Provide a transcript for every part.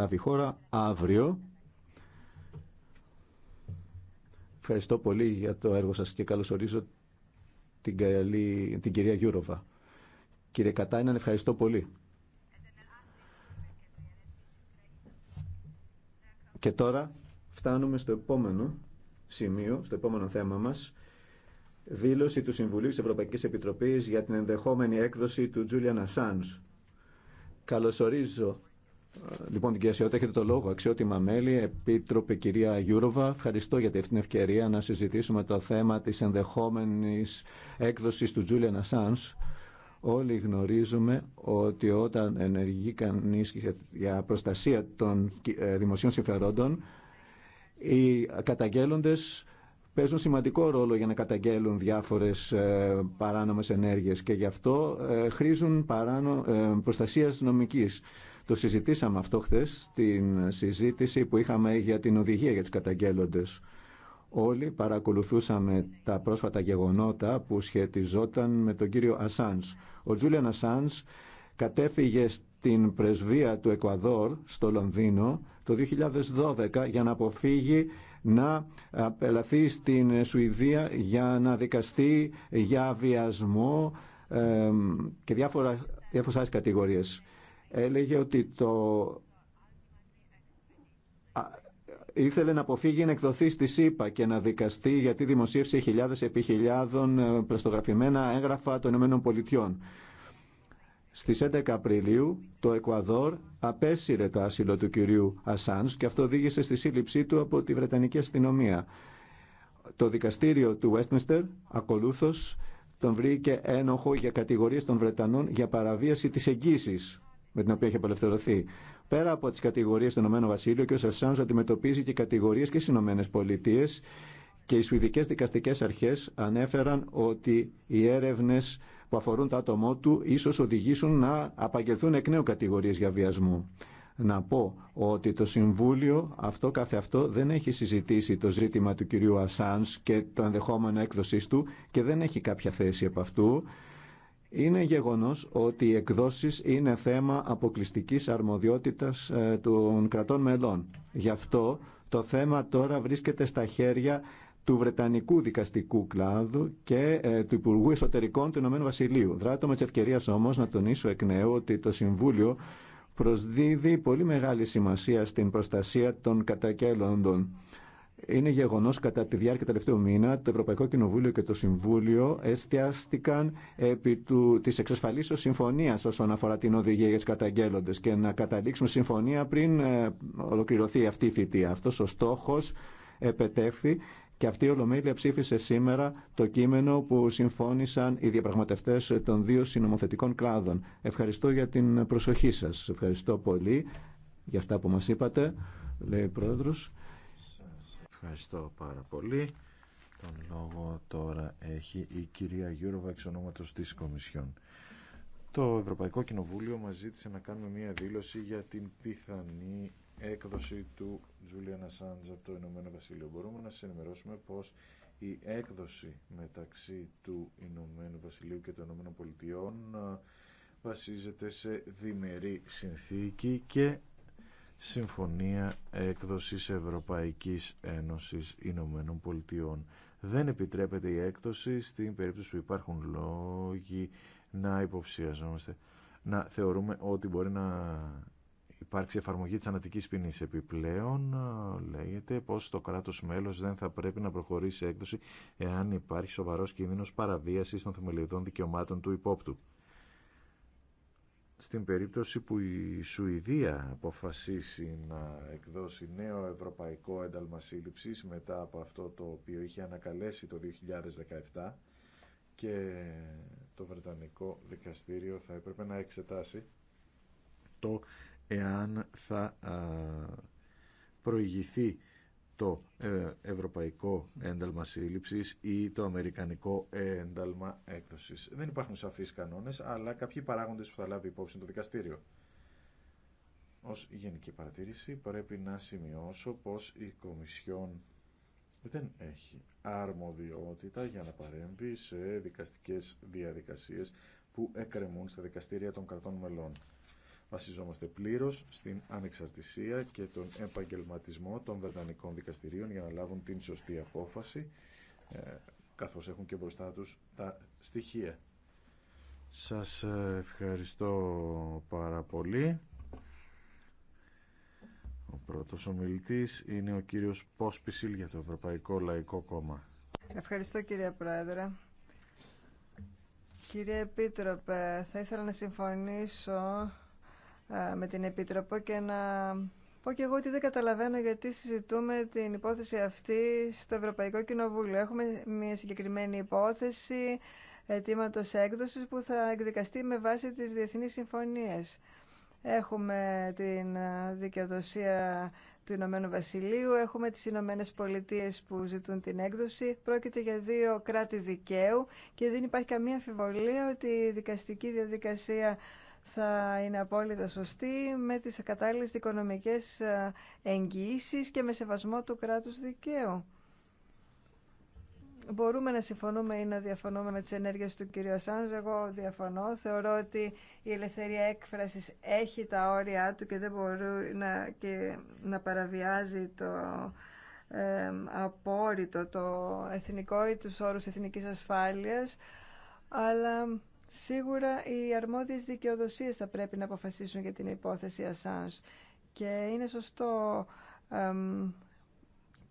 αναλάβει αύριο. Ευχαριστώ πολύ για το έργο σας και καλωσορίζω την, καλή, την κυρία Γιούροβα. Κύριε Κατάιναν, ευχαριστώ πολύ. Και τώρα φτάνουμε στο επόμενο σημείο, στο επόμενο θέμα μας, δήλωση του Συμβουλίου της Ευρωπαϊκής Επιτροπής για την ενδεχόμενη έκδοση του Τζούλιαν Καλώς Καλωσορίζω Λοιπόν, την κυρία Σιώτα, έχετε το λόγο. Αξιότιμα μέλη, Επίτροπε κυρία Γιούροβα, ευχαριστώ για την ευκαιρία να συζητήσουμε το θέμα της ενδεχόμενης έκδοσης του Julian Assange. Όλοι γνωρίζουμε ότι όταν ενεργεί κανείς για προστασία των ε, δημοσίων συμφερόντων, οι καταγγέλλοντες παίζουν σημαντικό ρόλο για να καταγγέλουν διάφορες ε, παράνομες ενέργειες και γι' αυτό ε, χρήζουν προστασίας νομικής. Το συζητήσαμε αυτό χθε στην συζήτηση που είχαμε για την οδηγία για τους καταγγέλλοντες. Όλοι παρακολουθούσαμε τα πρόσφατα γεγονότα που σχετιζόταν με τον κύριο Ασάνς. Ο Τζούλιαν Ασάνς κατέφυγε στην πρεσβεία του Εκουαδόρ στο Λονδίνο το 2012 για να αποφύγει να απελαθεί στην Σουηδία για να δικαστεί για βιασμό ε, και διάφορα, διάφορες κατηγορίες έλεγε ότι το ήθελε να αποφύγει να εκδοθεί στη ΣΥΠΑ και να δικαστεί γιατί δημοσίευσε χιλιάδες επί χιλιάδων ε, πλαστογραφημένα έγγραφα των ΗΠΑ. Στις 11 Απριλίου το Εκουαδόρ απέσυρε το άσυλο του κυρίου Ασάνς και αυτό οδήγησε στη σύλληψή του από τη Βρετανική αστυνομία. Το δικαστήριο του Westminster ακολούθως τον βρήκε ένοχο για κατηγορίες των Βρετανών για παραβίαση της εγγύηση με την οποία έχει απελευθερωθεί. Πέρα από τι κατηγορίε του Ηνωμένου Βασίλειου, ο κ. αντιμετωπίζει και κατηγορίε και στι ΗΠΑ και οι Σουηδικέ δικαστικέ αρχέ ανέφεραν ότι οι έρευνε που αφορούν το άτομό του ίσω οδηγήσουν να απαγγελθούν εκ νέου κατηγορίε για βιασμό. Να πω ότι το Συμβούλιο αυτό καθε αυτό δεν έχει συζητήσει το ζήτημα του κυρίου Ασάνς και το ενδεχόμενο έκδοσή του και δεν έχει κάποια θέση από αυτού. Είναι γεγονός ότι οι εκδόσεις είναι θέμα αποκλειστικής αρμοδιότητας ε, των κρατών μελών. Γι' αυτό το θέμα τώρα βρίσκεται στα χέρια του Βρετανικού δικαστικού κλάδου και ε, του Υπουργού Εσωτερικών του Ηνωμένου Βασιλείου. Δράτω με τη ευκαιρία όμω να τονίσω εκ νέου ότι το Συμβούλιο προσδίδει πολύ μεγάλη σημασία στην προστασία των κατακέλλοντων είναι γεγονός κατά τη διάρκεια τελευταίου μήνα το Ευρωπαϊκό Κοινοβούλιο και το Συμβούλιο εστιάστηκαν επί του, της εξασφαλίσεως συμφωνίας όσον αφορά την οδηγία για τους καταγγέλλοντες και να καταλήξουμε συμφωνία πριν ε, ολοκληρωθεί αυτή η θητεία. Αυτός ο στόχος επετεύχθη και αυτή η Ολομέλεια ψήφισε σήμερα το κείμενο που συμφώνησαν οι διαπραγματευτές των δύο συνομοθετικών κλάδων. Ευχαριστώ για την προσοχή σας. Ευχαριστώ πολύ για αυτά που μας είπατε, λέει η Πρόεδρος. Ευχαριστώ πάρα πολύ. Τον λόγο τώρα έχει η κυρία Γιούροβα εξ ονόματος της Κομισιόν. Το Ευρωπαϊκό Κοινοβούλιο μας ζήτησε να κάνουμε μία δήλωση για την πιθανή έκδοση του Τζούλιαν Ασάντζ από το Ηνωμένο Βασίλειο. Μπορούμε να σας ενημερώσουμε πως η έκδοση μεταξύ του Ηνωμένου Βασιλείου και των Ηνωμένων Πολιτειών ε, βασίζεται σε διμερή συνθήκη και Συμφωνία Έκδοσης Ευρωπαϊκής Ένωσης Ηνωμένων Πολιτειών. Δεν επιτρέπεται η έκδοση στην περίπτωση που υπάρχουν λόγοι να υποψιαζόμαστε, να θεωρούμε ότι μπορεί να υπάρξει εφαρμογή της ανατικής ποινής. Επιπλέον λέγεται πως το κράτος μέλος δεν θα πρέπει να προχωρήσει σε έκδοση εάν υπάρχει σοβαρός κίνδυνος παραβίασης των θεμελιωδών δικαιωμάτων του υπόπτου στην περίπτωση που η Σουηδία αποφασίσει να εκδώσει νέο ευρωπαϊκό ένταλμα σύλληψης μετά από αυτό το οποίο είχε ανακαλέσει το 2017 και το Βρετανικό Δικαστήριο θα έπρεπε να εξετάσει το εάν θα προηγηθεί το ε, ευρωπαϊκό ένταλμα σύλληψης ή το αμερικανικό ένταλμα έκδοσης. Δεν υπάρχουν σαφείς κανόνες, αλλά κάποιοι παράγοντες που θα λάβει υπόψη το δικαστήριο. Ως γενική παρατήρηση πρέπει να σημειώσω πως η Κομισιόν δεν έχει αρμοδιότητα για να παρέμβει σε δικαστικές διαδικασίες που εκκρεμούν στα δικαστήρια των κρατών μελών. Βασιζόμαστε πλήρω στην ανεξαρτησία και τον επαγγελματισμό των Βρετανικών δικαστηρίων για να λάβουν την σωστή απόφαση, ε, καθώς έχουν και μπροστά τους τα στοιχεία. Σας ε, ευχαριστώ πάρα πολύ. Ο πρώτος ομιλητής είναι ο κύριος Πόσπισιλ για το Ευρωπαϊκό Λαϊκό Κόμμα. Ευχαριστώ κύριε Πρόεδρε. Κύριε Επίτροπε, θα ήθελα να συμφωνήσω ε, με την Επίτροπο και να πω και εγώ ότι δεν καταλαβαίνω γιατί συζητούμε την υπόθεση αυτή στο Ευρωπαϊκό Κοινοβούλιο. Έχουμε μια συγκεκριμένη υπόθεση αιτήματο έκδοσης που θα εκδικαστεί με βάση τις διεθνείς συμφωνίες. Έχουμε την δικαιοδοσία του Ηνωμένου Βασιλείου, έχουμε τις Ηνωμένε Πολιτείε που ζητούν την έκδοση. Πρόκειται για δύο κράτη δικαίου και δεν υπάρχει καμία αμφιβολία ότι η δικαστική διαδικασία θα είναι απόλυτα σωστή με τις κατάλληλες οικονομικές ε, εγγυήσεις και με σεβασμό του κράτους δικαίου. Μπορούμε να συμφωνούμε ή να διαφωνούμε με τις ενέργειες του κ. Ασάνζ. Εγώ διαφωνώ. Θεωρώ ότι η ελευθερία έκφρασης έχει τα όρια του και δεν μπορεί να, και να παραβιάζει το ε, απόρριτο, το εθνικό ή τους όρους εθνικής ασφάλειας. Αλλά Σίγουρα οι αρμόδιες δικαιοδοσίες θα πρέπει να αποφασίσουν για την υπόθεση Ασάνς και είναι σωστό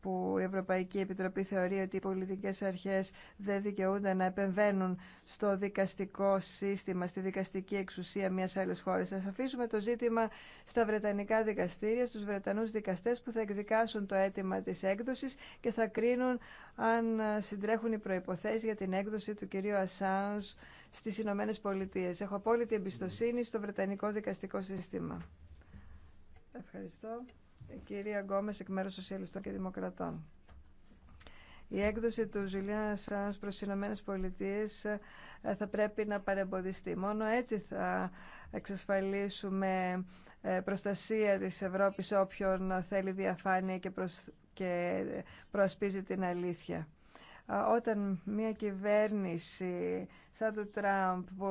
που η Ευρωπαϊκή Επιτροπή θεωρεί ότι οι πολιτικές αρχές δεν δικαιούνται να επεμβαίνουν στο δικαστικό σύστημα, στη δικαστική εξουσία μιας άλλης χώρας. Ας αφήσουμε το ζήτημα στα Βρετανικά δικαστήρια, στους Βρετανούς δικαστές που θα εκδικάσουν το αίτημα της έκδοσης και θα κρίνουν αν συντρέχουν οι προϋποθέσεις για την έκδοση του κυρίου Ασάνς στις Ηνωμένε Πολιτείε. Έχω απόλυτη εμπιστοσύνη στο Βρετανικό δικαστικό σύστημα. Ευχαριστώ κυρία Γκόμες εκ μέρους Σοσιαλιστών και Δημοκρατών. Η έκδοση του ζηλίας σας προς τις Ηνωμένες ε, θα πρέπει να παρεμποδιστεί. Μόνο έτσι θα εξασφαλίσουμε ε, προστασία της Ευρώπης όποιον θέλει διαφάνεια και, προσ... και ε, προασπίζει την αλήθεια όταν μια κυβέρνηση σαν το Τραμπ που,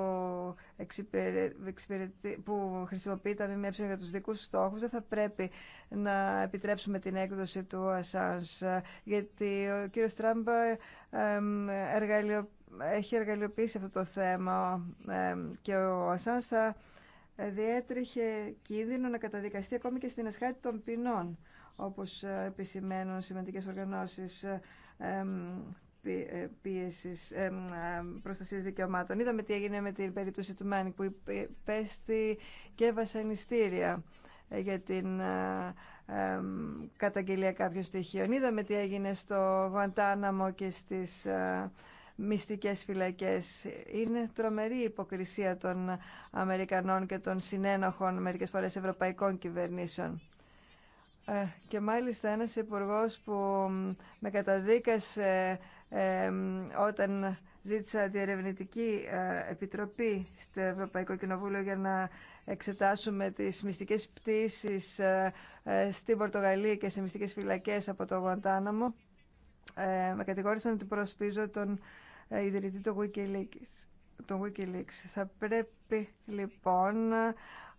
που χρησιμοποιεί τα ΜΜΕ για τους δικούς στόχους δεν θα πρέπει να επιτρέψουμε την έκδοση του Ασάνς ε, γιατί ο κύριος Τραμπ ε, έχει εργαλειοποιήσει αυτό το θέμα ε, και ο Ασάνς θα διέτρεχε κίνδυνο να καταδικαστεί ακόμη και στην ασχάτη των ποινών όπως επισημαίνουν σημαντικές οργανώσεις ε, πίεσης, ε, ε, προστασίας δικαιωμάτων. Είδαμε τι έγινε με την περίπτωση του Μάνικ που υπέστη και βασανιστήρια για την καταγγελία κάποιων στοιχείων. Είδαμε τι έγινε στο Γουαντάναμο και στις μυστικές φυλακές. Είναι τρομερή η υποκρισία των Αμερικανών και των συνένοχων μερικές φορές ευρωπαϊκών κυβερνήσεων. Και μάλιστα ένας υπουργός που με καταδίκασε όταν ζήτησα διερευνητική ε, επιτροπή στο Ευρωπαϊκό Κοινοβούλιο για να εξετάσουμε τις μυστικές πτήσεις ε, ε, στην Πορτογαλία και σε μυστικές φυλακές από το Γουαντάναμο, με κατηγόρησαν ότι προσπίζω τον ιδρυτή του Wikileaks. Το Wikileaks. Θα πρέπει λοιπόν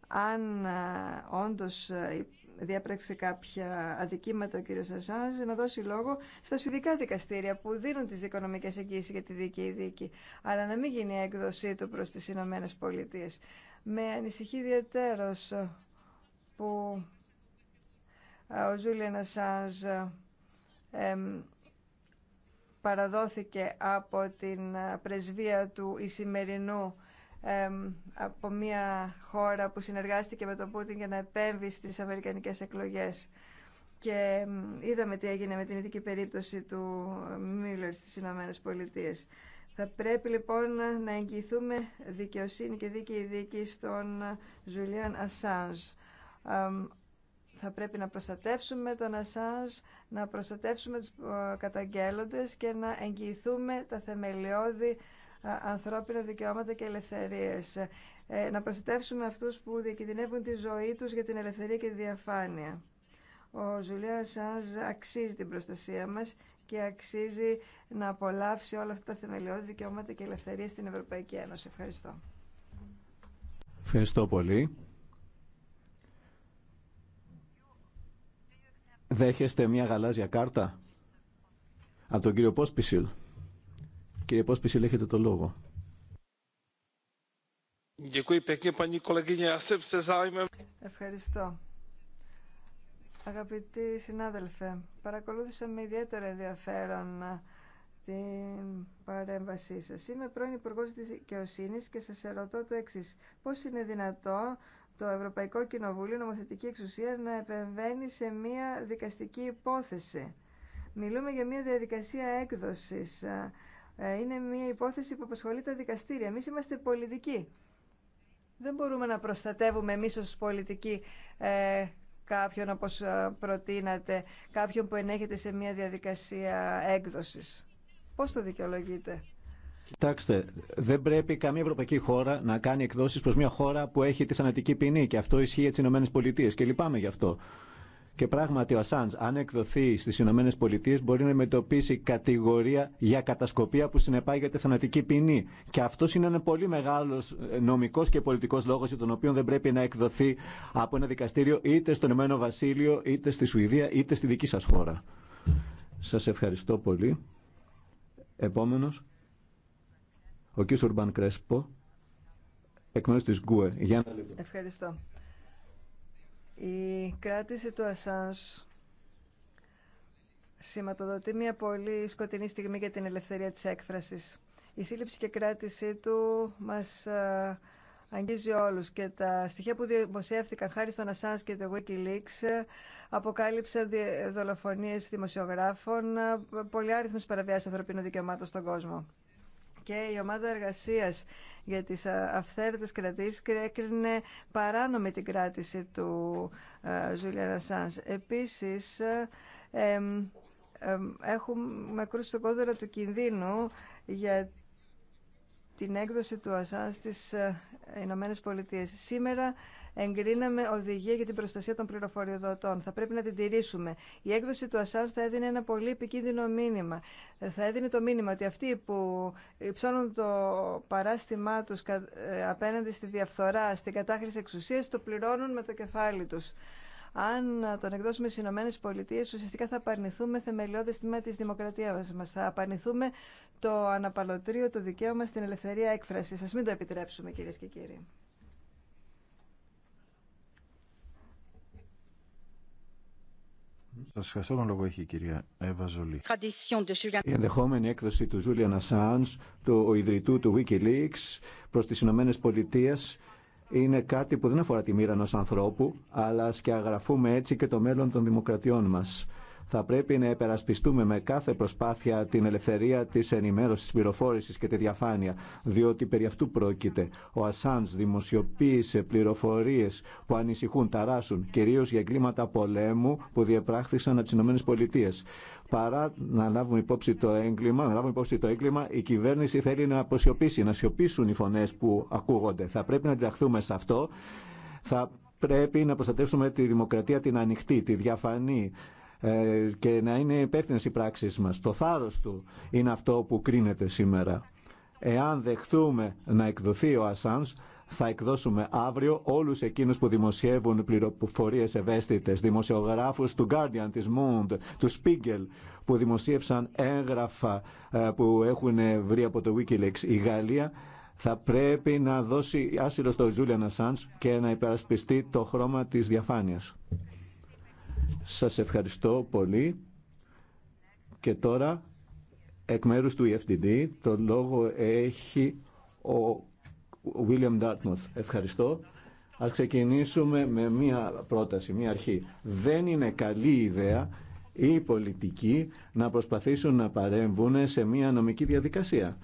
αν όντως διέπραξε κάποια αδικήματα ο κύριος Ασάνζ να δώσει λόγο στα σουδικά δικαστήρια που δίνουν τις δικονομικές εγγύσεις για τη δίκαιη δίκη αλλά να μην γίνει η έκδοσή του προς τις Ηνωμένε Πολιτείε. Με ανησυχεί ιδιαίτερος που ε, ο Ζούλιαν Ασάνζ παραδόθηκε από την ε, πρεσβεία του ησημερινού από μια χώρα που συνεργάστηκε με τον Πούτιν για να επέμβει στις αμερικανικές εκλογές. Και είδαμε τι έγινε με την ειδική περίπτωση του Μίλλερ στις Ηνωμένε Πολιτείε. Θα πρέπει λοιπόν να εγγυηθούμε δικαιοσύνη και δίκαιη δίκη στον Ζουλιαν Ασάνζ. Θα πρέπει να προστατεύσουμε τον Ασάνζ, να προστατεύσουμε τους ε, καταγγέλλοντες και να εγγυηθούμε τα θεμελιώδη ανθρώπινα δικαιώματα και ελευθερίες. Ε, να προστατεύσουμε αυτούς που διακινδυνεύουν τη ζωή τους για την ελευθερία και τη διαφάνεια. Ο Ζουλία Σάνζ αξίζει την προστασία μας και αξίζει να απολαύσει όλα αυτά τα θεμελιώδη δικαιώματα και ελευθερίες στην Ευρωπαϊκή Ένωση. Ευχαριστώ. Ευχαριστώ πολύ. Δέχεστε μια γαλάζια κάρτα από τον κύριο Πόσπισιλ. Κύριε Πόσπιση, έχετε το λόγο. Ευχαριστώ. Αγαπητοί συνάδελφε, παρακολούθησα με ιδιαίτερο ενδιαφέρον ε, την παρέμβασή σα. Είμαι πρώην Υπουργό τη Δικαιοσύνη και σα ερωτώ το εξή. Πώ είναι δυνατό το Ευρωπαϊκό Κοινοβούλιο νομοθετική εξουσία να επεμβαίνει σε μια δικαστική υπόθεση. Μιλούμε για μια διαδικασία έκδοσης ε, ε, είναι μια υπόθεση που απασχολεί τα δικαστήρια. Εμεί είμαστε πολιτικοί. Δεν μπορούμε να προστατεύουμε εμεί ως πολιτικοί ε, κάποιον όπω ε, προτείνατε, κάποιον που ενέχεται σε μια διαδικασία έκδοση. Πώς το δικαιολογείτε. Κοιτάξτε, δεν πρέπει καμία ευρωπαϊκή χώρα να κάνει εκδόσει προ μια χώρα που έχει τη θανατική ποινή και αυτό ισχύει για τι Ηνωμένες και λυπάμαι γι' αυτό. Και πράγματι ο Ασάντ, αν εκδοθεί στι Ηνωμένε Πολιτείε, μπορεί να μετωπίσει κατηγορία για κατασκοπία που συνεπάγεται θανατική ποινή. Και αυτό είναι ένα πολύ μεγάλο ε, νομικό και πολιτικό λόγο για τον οποίο δεν πρέπει να εκδοθεί από ένα δικαστήριο είτε στον Ηνωμένο Βασίλειο, είτε στη Σουηδία, είτε στη δική σα χώρα. Σα ευχαριστώ πολύ. Επόμενο, ο κ. Ουρμπαν Κρέσπο, εκ μέρου τη ΓΚΟΕ. Ευχαριστώ. Η κράτηση του Ασάνς σηματοδοτεί μια πολύ σκοτεινή στιγμή για την ελευθερία της έκφρασης. Η σύλληψη και κράτησή του μας ε, αγγίζει όλους και τα στοιχεία που δημοσιεύτηκαν χάρη στον Ασάνς και το Wikileaks ε, αποκάλυψαν δολοφονίες δημοσιογράφων, ε, πολλοί άριθμες παραβιάσεις ανθρωπίνων δικαιωμάτων στον κόσμο και η ομάδα εργασίας για τις αυθαίρετες κρατήσεις κρέκρινε παράνομη την κράτηση του Ζούλια Ρασάνς. Επίσης, έχουμε κρούσει το κόδωρο του κινδύνου για την έκδοση του ΑΣΑ στις ε, Ηνωμένε Πολιτείε. Σήμερα εγκρίναμε οδηγία για την προστασία των πληροφοριοδοτών. Θα πρέπει να την τηρήσουμε. Η έκδοση του ΑΣΑ θα έδινε ένα πολύ επικίνδυνο μήνυμα. Θα έδινε το μήνυμα ότι αυτοί που υψώνουν το παράστημά τους ε, απέναντι στη διαφθορά, στην κατάχρηση εξουσία το πληρώνουν με το κεφάλι του αν τον εκδώσουμε στι Ηνωμένε Πολιτείε, ουσιαστικά θα απαρνηθούμε θεμελιώδη τιμά τη δημοκρατία μα. Θα απαρνηθούμε το αναπαλωτρίο, το δικαίωμα στην ελευθερία έκφραση. Α μην το επιτρέψουμε, κυρίε και κύριοι. Σα ευχαριστώ. Τον λόγο έχει η κυρία Εύα Ζολή. Η ενδεχόμενη έκδοση του Ζούλιαν Ασάνς, του ιδρυτού του Wikileaks, προ τι Ηνωμένε Πολιτείε, είναι κάτι που δεν αφορά τη μοίρα ενό ανθρώπου, αλλά σκιαγραφούμε έτσι και το μέλλον των δημοκρατιών μας. Θα πρέπει να επερασπιστούμε με κάθε προσπάθεια την ελευθερία τη ενημέρωση, τη πληροφόρηση και τη διαφάνεια, διότι περί αυτού πρόκειται. Ο Ασάντ δημοσιοποίησε πληροφορίε που ανησυχούν, ταράσουν, κυρίω για εγκλήματα πολέμου που διεπράχθησαν από τι ΗΠΑ. Παρά να λάβουμε υπόψη το έγκλημα, να λάβουμε υπόψη το έγκλημα, η κυβέρνηση θέλει να αποσιωπήσει, να σιωπήσουν οι φωνέ που ακούγονται. Θα πρέπει να ενταχθούμε σε αυτό. Θα πρέπει να προστατεύσουμε τη δημοκρατία την ανοιχτή, τη διαφανή, ε, και να είναι υπεύθυνε οι πράξεις μας. Το θάρρος του είναι αυτό που κρίνεται σήμερα. Εάν δεχθούμε να εκδοθεί ο Ασάνς, θα εκδώσουμε αύριο όλους εκείνους που δημοσιεύουν πληροφορίες ευαίσθητες, δημοσιογράφους του Guardian, της Moon, του Spiegel, που δημοσίευσαν έγγραφα ε, που έχουν βρει από το Wikileaks η Γαλλία, θα πρέπει να δώσει άσυλο στο Julian Assange και να υπερασπιστεί το χρώμα της διαφάνειας. Σας ευχαριστώ πολύ. Και τώρα, εκ μέρους του EFTD, το λόγο έχει ο William Dartmouth. Ευχαριστώ. Ας ξεκινήσουμε με μία πρόταση, μία αρχή. Δεν είναι καλή ιδέα οι πολιτικοί να προσπαθήσουν να παρέμβουν σε μία νομική διαδικασία.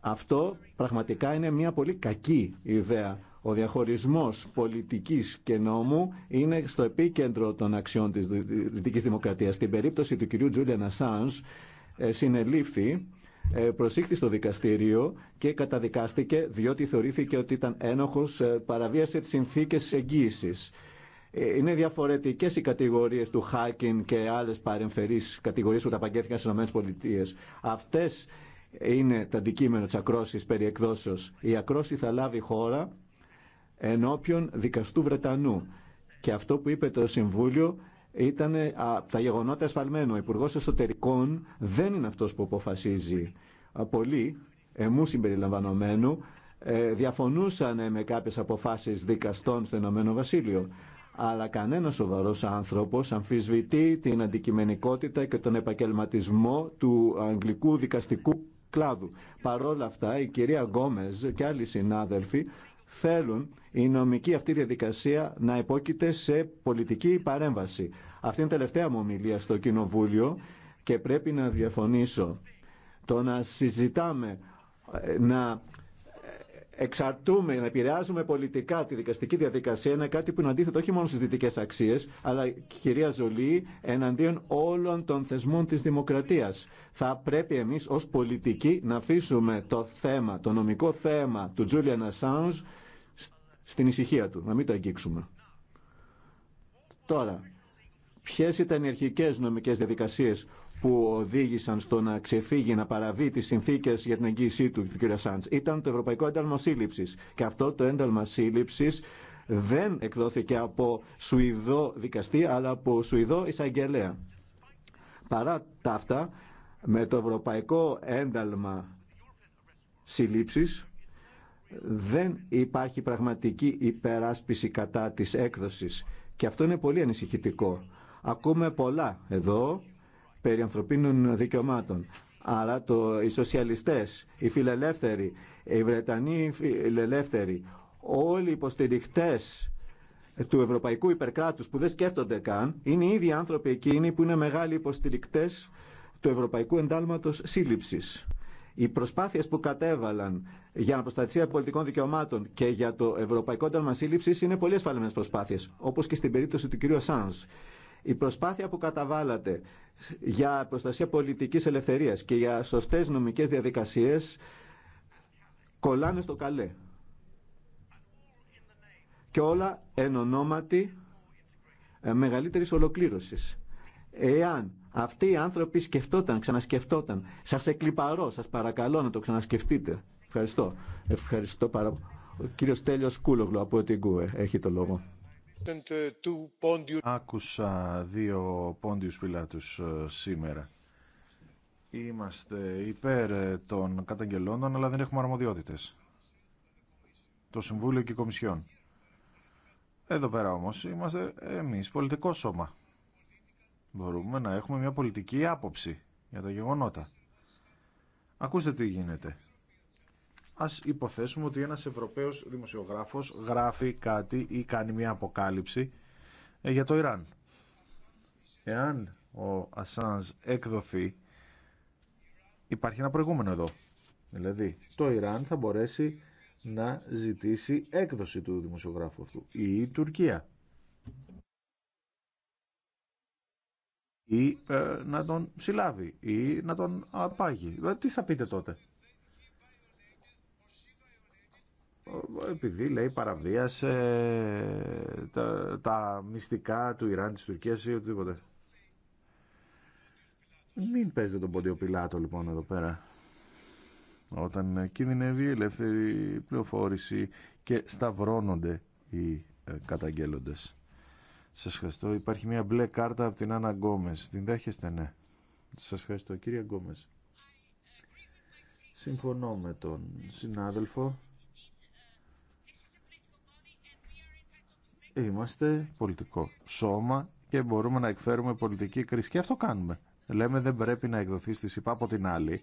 Αυτό πραγματικά είναι μία πολύ κακή ιδέα ο διαχωρισμός πολιτικής και νόμου είναι στο επίκεντρο των αξιών της Δυτικής Δημοκρατίας. Στην περίπτωση του κυρίου Τζούλιαν Ασάνς ε, συνελήφθη ε, προσήχθη στο δικαστήριο και καταδικάστηκε διότι θεωρήθηκε ότι ήταν ένοχος ε, παραβίασε τις συνθήκες εγγύησης. Είναι διαφορετικέ οι κατηγορίε του Χάκιν και άλλε παρεμφερεί κατηγορίε που τα παγκέθηκαν στι ΗΠΑ. Αυτέ είναι τα αντικείμενα τη ακρόση περί εκδόσεω. Η ακρόση θα λάβει χώρα ενώπιον δικαστού Βρετανού. Και αυτό που είπε το Συμβούλιο ήταν από τα γεγονότα ασφαλμένο. Ο Υπουργό Εσωτερικών δεν είναι αυτό που αποφασίζει. Πολλοί, εμού συμπεριλαμβανομένου, ε, διαφωνούσαν με κάποιε αποφάσει δικαστών στο Ηνωμένο Βασίλειο. Αλλά κανένα σοβαρό άνθρωπο αμφισβητεί την αντικειμενικότητα και τον επαγγελματισμό του αγγλικού δικαστικού κλάδου. Παρόλα αυτά, η κυρία Γκόμεζ και άλλοι συνάδελφοι θέλουν η νομική αυτή διαδικασία να υπόκειται σε πολιτική παρέμβαση. Αυτή είναι η τελευταία μου ομιλία στο Κοινοβούλιο και πρέπει να διαφωνήσω. Το να συζητάμε, ε, να εξαρτούμε, να επηρεάζουμε πολιτικά τη δικαστική διαδικασία είναι κάτι που είναι αντίθετο όχι μόνο στι δυτικέ αξίε, αλλά κυρία Ζολή, εναντίον όλων των θεσμών τη δημοκρατία. Θα πρέπει εμεί ω πολιτικοί να αφήσουμε το θέμα, το νομικό θέμα του Τζούλιαν Ασάνζ στην ησυχία του, να μην το αγγίξουμε. Τώρα, ποιε ήταν οι αρχικέ νομικέ διαδικασίε που οδήγησαν στο να ξεφύγει, να παραβεί τι συνθήκε για την εγγύησή του, του κ. Σάντ, ήταν το Ευρωπαϊκό Ένταλμα Σύλληψη. Και αυτό το ένταλμα σύλληψη δεν εκδόθηκε από Σουηδό δικαστή, αλλά από Σουηδό εισαγγελέα. Παρά τα αυτά, με το Ευρωπαϊκό Ένταλμα Σύλληψης δεν υπάρχει πραγματική υπεράσπιση κατά της έκδοσης. Και αυτό είναι πολύ ανησυχητικό. Ακούμε πολλά εδώ περί ανθρωπίνων δικαιωμάτων. Άρα το, οι σοσιαλιστές, οι φιλελεύθεροι, οι Βρετανοί φιλελεύθεροι, όλοι οι υποστηριχτές του ευρωπαϊκού υπερκράτους που δεν σκέφτονται καν, είναι οι ίδιοι άνθρωποι εκείνοι που είναι μεγάλοι υποστηρικτές του ευρωπαϊκού εντάλματος σύλληψης. Οι προσπάθειες που κατέβαλαν για την προστασία πολιτικών δικαιωμάτων και για το ευρωπαϊκό εντάλμα σύλληψης είναι πολύ ασφαλμένες προσπάθειες, όπως και στην περίπτωση του κυρίου η προσπάθεια που καταβάλατε για προστασία πολιτικής ελευθερίας και για σωστές νομικές διαδικασίες κολλάνε στο καλέ. Και όλα εν ονόματι ε, μεγαλύτερης ολοκλήρωσης. Εάν αυτοί οι άνθρωποι σκεφτόταν, ξανασκεφτόταν, σας εκλυπαρώ, σας παρακαλώ να το ξανασκεφτείτε. Ευχαριστώ. Ευχαριστώ πάρα πολύ. Ο κύριος Τέλειος Κούλογλου από την ΚΟΕ έχει το λόγο. Άκουσα δύο πόντιους πιλάτους ε, σήμερα. Είμαστε υπέρ ε, των καταγγελόντων, αλλά δεν έχουμε αρμοδιότητες. Το Συμβούλιο και η Κομισιόν. Εδώ πέρα όμως είμαστε εμείς πολιτικό σώμα. Μπορούμε να έχουμε μια πολιτική άποψη για τα γεγονότα. Ακούστε τι γίνεται. Ας υποθέσουμε ότι ένας Ευρωπαίος δημοσιογράφος γράφει κάτι ή κάνει μια αποκάλυψη ε, για το Ιράν. Εάν ο Ασάνς εκδοθεί, υπάρχει ένα προηγούμενο εδώ. Δηλαδή, το Ιράν θα μπορέσει να ζητήσει έκδοση του δημοσιογράφου αυτού ή η τουρκια Ή ε, να τον συλλάβει ή να τον απάγει. Ε, τι θα πείτε τότε. επειδή λέει παραβίασε ε, τα, τα μυστικά του Ιράν, της Τουρκίας ή οτιδήποτε. Μην παίζετε τον Ποντιο Πιλάτο λοιπόν εδώ πέρα. Όταν κινδυνεύει η ελεύθερη πληροφόρηση και σταυρώνονται οι ε, καταγγέλλοντες. Σας ευχαριστώ. Υπάρχει μια μπλε κάρτα από την Άννα Γκόμες. Την δέχεστε, ναι. Σας ευχαριστώ. Κύριε Γκόμες. Συμφωνώ με τον συνάδελφο Είμαστε πολιτικό σώμα και μπορούμε να εκφέρουμε πολιτική κρίση. Και αυτό κάνουμε. Λέμε δεν πρέπει να εκδοθεί στη ΣΥΠΑ. Από την άλλη,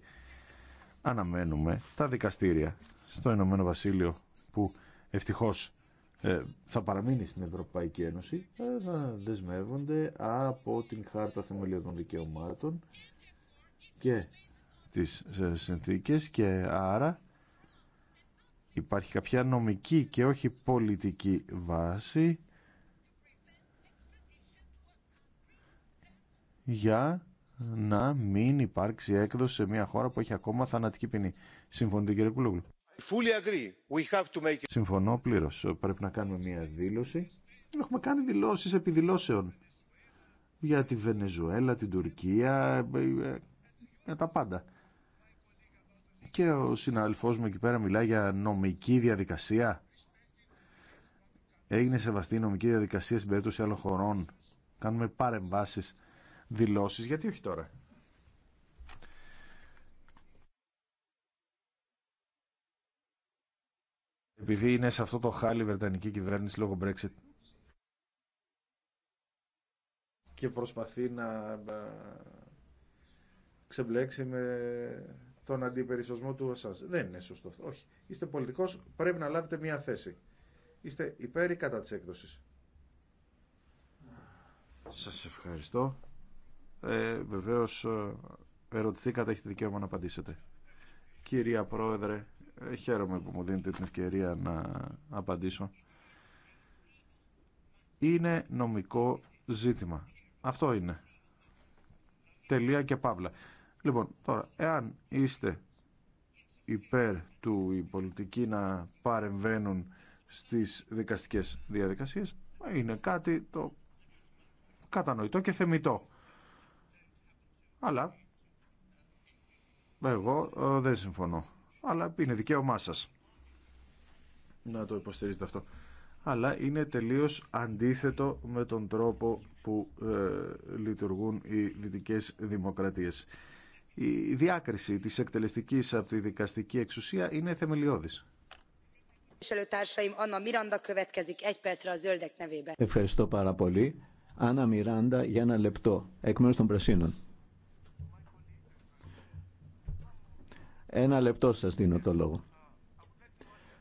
αναμένουμε τα δικαστήρια στο Ηνωμένο Βασίλειο που ευτυχώς ε, θα παραμείνει στην Ευρωπαϊκή Ένωση ε, να δεσμεύονται από την Χάρτα Θεμελιωδών Δικαιωμάτων και τις ε, συνθήκες και άρα υπάρχει κάποια νομική και όχι πολιτική βάση για να μην υπάρξει έκδοση σε μια χώρα που έχει ακόμα θανατική ποινή. Συμφωνείτε κύριε to Συμφωνώ πλήρως. Πρέπει να κάνουμε μια δήλωση. Έχουμε κάνει δηλώσεις επιδηλώσεων για τη Βενεζουέλα, την Τουρκία, για ε, ε, ε, τα πάντα. Και ο συναδελφός μου εκεί πέρα μιλάει για νομική διαδικασία. Έγινε σεβαστή η νομική διαδικασία στην περίπτωση άλλων χωρών. Κάνουμε παρεμβάσεις, δηλώσεις. Γιατί όχι τώρα. Επειδή είναι σε αυτό το χάλι η Βρετανική κυβέρνηση λόγω Brexit και προσπαθεί να ξεμπλέξει με τον αντιπερισσοσμό του εσά. Δεν είναι σωστό Όχι. Είστε πολιτικό, πρέπει να λάβετε μία θέση. Είστε υπέρ ή κατά τη έκδοση. Σα ευχαριστώ. Ε, Βεβαίω, ε, ερωτηθήκατε, έχετε δικαίωμα να απαντήσετε. Κυρία Πρόεδρε, ε, χαίρομαι που μου δίνετε την ευκαιρία να απαντήσω. Είναι νομικό ζήτημα. Αυτό είναι. Τελεία και παύλα. Λοιπόν, τώρα, εάν είστε υπέρ του οι πολιτικοί να παρεμβαίνουν στις δικαστικές διαδικασίες, είναι κάτι το κατανοητό και θεμητό. Αλλά εγώ ε, δεν συμφωνώ. Αλλά είναι δικαίωμά σας να το υποστηρίζετε αυτό. Αλλά είναι τελείως αντίθετο με τον τρόπο που ε, λειτουργούν οι δυτικές δημοκρατίες η διάκριση της εκτελεστικής από τη δικαστική εξουσία είναι θεμελιώδης. Ευχαριστώ πάρα πολύ. Άννα Μιράντα για ένα λεπτό, εκ μέρους των Πρασίνων. Ένα λεπτό σας δίνω το λόγο.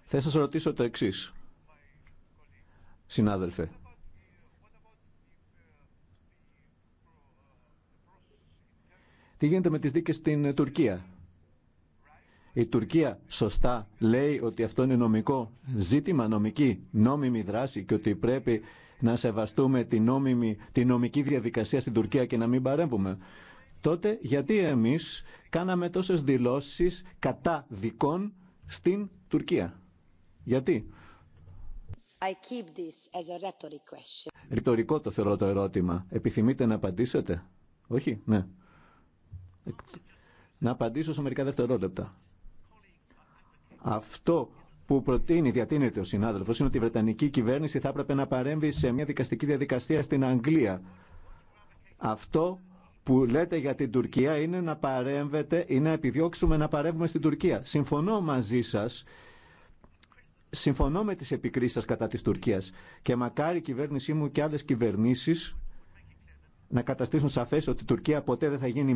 Θα σας ρωτήσω το εξής, συνάδελφε. Τι γίνεται με τις δίκες στην ε, Τουρκία. Η Τουρκία σωστά λέει ότι αυτό είναι νομικό ζήτημα, νομική, νόμιμη δράση και ότι πρέπει να σεβαστούμε τη, νόμιμη, τη νομική διαδικασία στην Τουρκία και να μην παρέμβουμε. Τότε γιατί εμείς κάναμε τόσες δηλώσεις κατά δικών στην Τουρκία. Γιατί. I Ρητορικό το θεωρώ το ερώτημα. Επιθυμείτε να απαντήσετε. Όχι, ναι. Να απαντήσω σε μερικά δευτερόλεπτα. Αυτό που προτείνει, διατείνεται ο συνάδελφος, είναι ότι η Βρετανική κυβέρνηση θα έπρεπε να παρέμβει σε μια δικαστική διαδικασία στην Αγγλία. Αυτό που λέτε για την Τουρκία είναι να παρέμβετε ή να επιδιώξουμε να παρέμβουμε στην Τουρκία. Συμφωνώ μαζί σας. Συμφωνώ με τις επικρίσεις κατά της Τουρκίας. Και μακάρι η κυβέρνησή μου και άλλες κυβερνήσεις να καταστήσουν σαφέ ότι η Τουρκία ποτέ δεν θα γίνει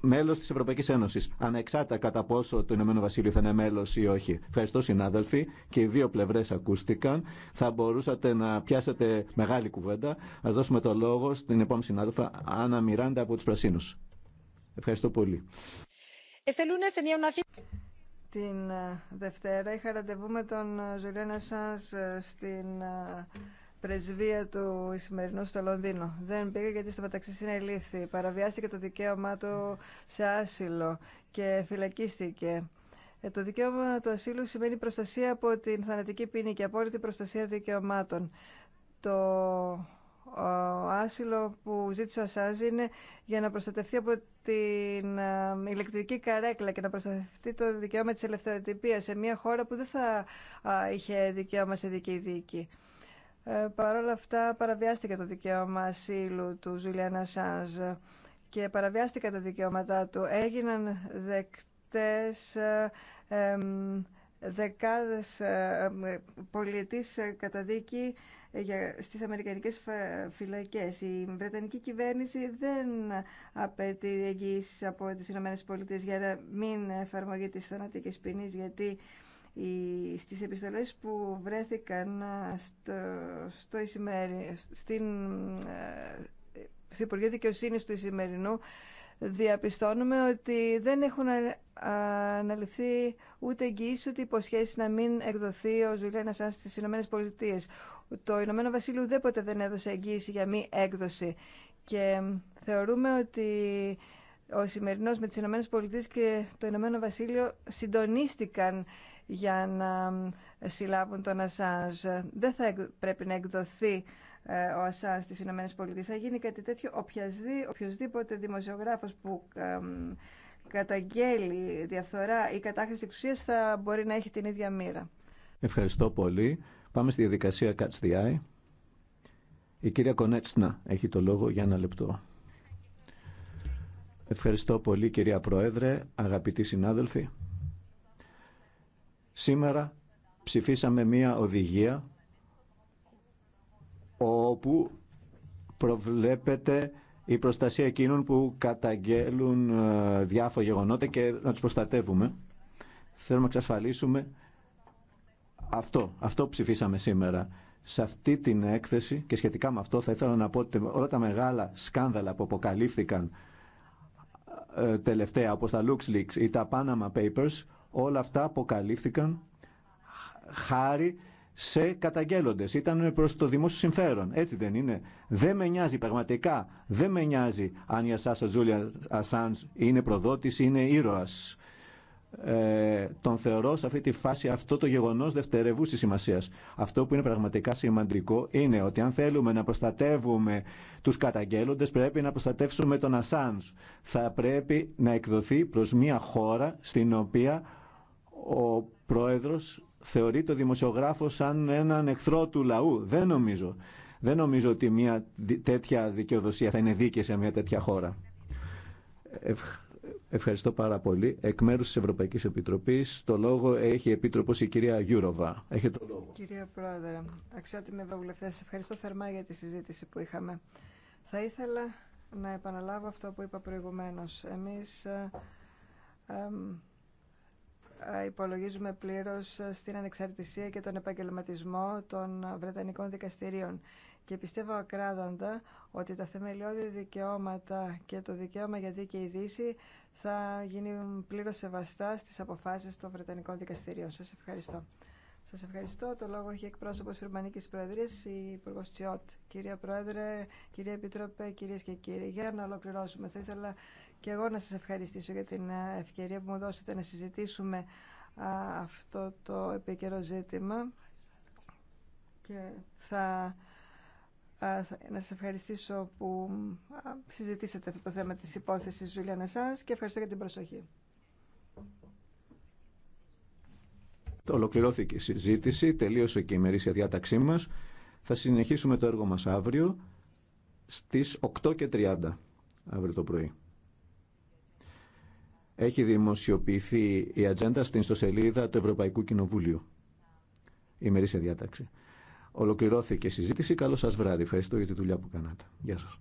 μέλο τη Ευρωπαϊκή Ένωση. Ανεξάρτητα κατά πόσο το Ηνωμένο Βασίλειο θα είναι μέλο ή όχι. Ευχαριστώ, συνάδελφοι. Και οι δύο πλευρέ ακούστηκαν. Θα μπορούσατε να πιάσετε μεγάλη κουβέντα. Α δώσουμε το λόγο στην επόμενη συνάδελφα, Άννα Μιράντα από του Πρασίνου. Ευχαριστώ πολύ. Την ε, Δευτέρα είχα ραντεβού με τον ε, Ζουλένα Σάνς ε, στην πρεσβεία του Ισημερινού στο Λονδίνο. Δεν πήγε γιατί στο μεταξύ συνελήφθη. Παραβιάστηκε το δικαίωμά του σε άσυλο και φυλακίστηκε. Ε, το δικαίωμα του ασύλου σημαίνει προστασία από την θανατική ποινή και απόλυτη προστασία δικαιωμάτων. Το άσυλο που ζήτησε ο Ασάζ είναι για να προστατευτεί από την ε, ηλεκτρική καρέκλα και να προστατευτεί το δικαίωμα της ελευθεροτυπίας σε μια χώρα που δεν θα είχε δικαίωμα σε δική δίκη. Ε, Παρ' όλα αυτά παραβιάστηκε το δικαίωμα ασύλου του Ζουλιάν Ασάνζ και παραβιάστηκαν τα δικαιώματά του. Έγιναν δεκτές ε, δεκάδες δίκη ε, ε, καταδίκη ε, στις Αμερικανικές φυλακές. Η Βρετανική κυβέρνηση δεν απαιτεί εγγύηση από τις ΗΠΑ για να μην εφαρμογεί της θανατικής ποινής, γιατί στις επιστολές που βρέθηκαν στο, στο στην, ε, στην Υπουργή Δικαιοσύνη του Ισημερινού διαπιστώνουμε ότι δεν έχουν αναλυθεί ούτε εγγυήσει ούτε υποσχέσει να μην εκδοθεί ο Ζουλιάν στις στι Πολιτείε. Το Ηνωμένο Βασίλειο ουδέποτε δεν έδωσε εγγύηση για μη έκδοση. Και θεωρούμε ότι ο σημερινός με τις Ηνωμένες Πολιτείες και το Ηνωμένο Βασίλειο συντονίστηκαν για να συλλάβουν τον Ασάνζ. Δεν θα πρέπει να εκδοθεί ε, ο Ασάνζ στις Ηνωμένες Πολιτείες. Θα γίνει κάτι τέτοιο οποιοδήποτε δημοσιογράφος που ε, καταγγέλει διαφθορά ή κατάχρηση εξουσίας θα μπορεί να έχει την ίδια μοίρα. Ευχαριστώ πολύ. Πάμε στη διαδικασία Catch the Eye. Η κυρία Κονέτσνα έχει το λόγο για ένα λεπτό. Ευχαριστώ πολύ κυρία Πρόεδρε, αγαπητοί συνάδελφοι. Σήμερα ψηφίσαμε μία οδηγία όπου προβλέπεται η προστασία εκείνων που καταγγέλουν ε, διάφορα γεγονότα και να τους προστατεύουμε. Θέλουμε να εξασφαλίσουμε αυτό. Αυτό ψηφίσαμε σήμερα. Σε αυτή την έκθεση και σχετικά με αυτό θα ήθελα να πω ότι όλα τα μεγάλα σκάνδαλα που αποκαλύφθηκαν ε, τελευταία όπως τα LuxLeaks ή τα Panama Papers Όλα αυτά αποκαλύφθηκαν χάρη σε καταγγέλλοντε. Ήταν προ το δημόσιο συμφέρον. Έτσι δεν είναι. Δεν με νοιάζει πραγματικά. Δεν με νοιάζει αν η Ασάσα Ζούλια Ασάντ είναι προδότη είναι ήρωα. Ε, τον θεωρώ σε αυτή τη φάση αυτό το γεγονό δευτερευού τη σημασία. Αυτό που είναι πραγματικά σημαντικό είναι ότι αν θέλουμε να προστατεύουμε του καταγγέλλοντε, πρέπει να προστατεύσουμε τον Ασάντ. Θα πρέπει να εκδοθεί προ μια χώρα στην οποία ο πρόεδρος θεωρεί το δημοσιογράφο σαν έναν εχθρό του λαού. Δεν νομίζω. Δεν νομίζω ότι μια τέτοια δικαιοδοσία θα είναι δίκαιη σε μια τέτοια χώρα. Ευχαριστώ πάρα πολύ. Εκ μέρους της Ευρωπαϊκής Επιτροπής το λόγο έχει η Επίτροπος η κυρία Γιούροβα. Έχετε το λόγο. Κυρία Πρόεδρε, αξιότιμοι ευρωβουλευτές, ευχαριστώ θερμά για τη συζήτηση που είχαμε. Θα ήθελα να επαναλάβω αυτό που είπα προηγουμένως. Εμείς ε, ε, υπολογίζουμε πλήρως στην ανεξαρτησία και τον επαγγελματισμό των Βρετανικών δικαστηρίων. Και πιστεύω ακράδαντα ότι τα θεμελιώδη δικαιώματα και το δικαίωμα για δίκαιη δύση θα γίνουν πλήρως σεβαστά στις αποφάσεις των Βρετανικών δικαστηρίων. Σας ευχαριστώ. Σας ευχαριστώ. Το λόγο έχει εκπρόσωπος τη Ρουμανικής Προεδρίας, η Υπουργός Τσιότ. Κυρία Πρόεδρε, κυρία Επιτρόπε, κυρίες και κύριοι, για να ολοκληρώσουμε. Θα ήθελα και εγώ να σας ευχαριστήσω για την ε, ευκαιρία που μου δώσετε να συζητήσουμε αυτό το επίκαιρο ζήτημα και θα, να σας ευχαριστήσω που συζητήσατε αυτό το θέμα της υπόθεσης Ζουλιάνα Σάνς και ευχαριστώ για την προσοχή. Το ολοκληρώθηκε η συζήτηση, τελείωσε και η ημερήσια διάταξή μας. Θα συνεχίσουμε το έργο μας αύριο στις 8.30 αύριο το πρωί. Έχει δημοσιοποιηθεί η ατζέντα στην ιστοσελίδα του Ευρωπαϊκού Κοινοβουλίου. Η σε διάταξη. Ολοκληρώθηκε η συζήτηση. Καλό σας βράδυ. Ευχαριστώ για τη δουλειά που κάνατε. Γεια σας.